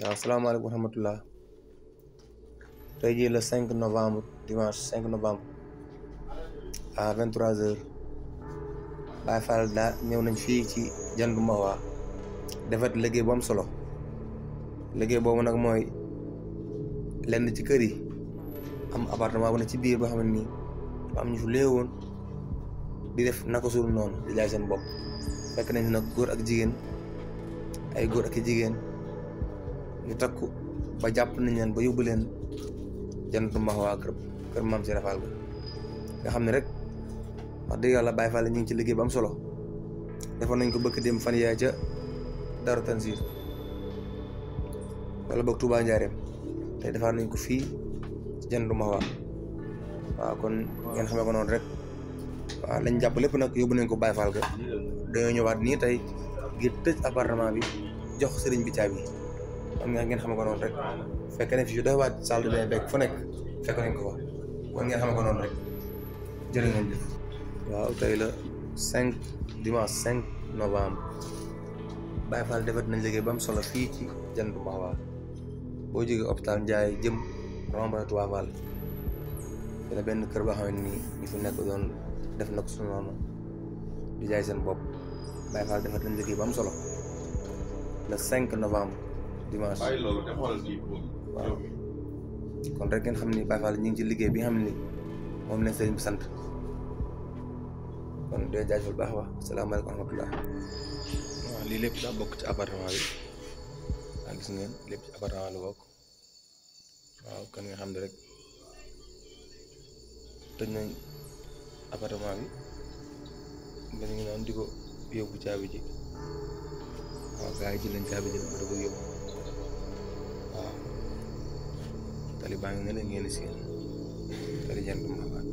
waaw salaamaaleykum wa rahmatullah tey jii le 5 novembre dimanche 5 novembre à 23h Baye Fall daa ñëw nañ fi ci Jandu Mahwa defat liggéey bu am solo liggéey boobu nag mooy lenn ci kër yi am apartement bu ne ci biir boo xam ne nii am ñu fu léewoon di def naka suul noonu di jaay seen bopp fekk nañ nag góor ak jigéen ay góor ak jigéen. yu takku ba jàpp nañ leen ba yóbbu leen jantu maxwaa kër kër maam si rafaal nga xam ne rek wax dëgg yàlla Baay ñu ngi ci liggéey ba am solo defoon nañ ko bëkk dem fan yaay ca Daaru Tanzir wala boog Touba Njaareem te defaat nañ ko fii ci jantu maxwaa waaw kon ngeen xamee ko noonu rek waa lañ jàpp lépp nag yóbbu nañ ko Baay Faal ga dañoo ñëwaat nii tey ngir tëj apartement bi jox sëriñ bi caabi ngeen xam ko noonu rek fekk na fi yu doy waat salle de bain beeg fu nekk fekk nañ ko fa kon ngeen xam ko noonu rek jërë ngeen jëf. waaw tey la cinq dimanche cinq novembre Baye Fall defat nañ liggéey ba mu solo fii ci Jannatul Mahwa boo jógee hôpital Ndiaye jëm romb na Touba Fall te la benn kër boo xam ne nii ñu fi nekk doon def na ko su noonu di jaay seen bopp Baye Fall defat nañ liggéey ba mu solo le cinq novembre. dimanche waaw kon rek ngeen xam ni Baye Fall ñu ngi ci liggéey bi nga xam ni moom lañ sëriñ bi sant kon dee jaajëfal baax wax salaamaaleykum wa lii lépp daa ci appartement bi waaw gis lépp ci appartement la bokk waaw kon nga xam ne rek tëj nañ appartement bi ba ngi naan di ko yóbbu caabi waaw gars yi ji lañ caabi ji ba ko tali baa ngi ne la ngeen seen tali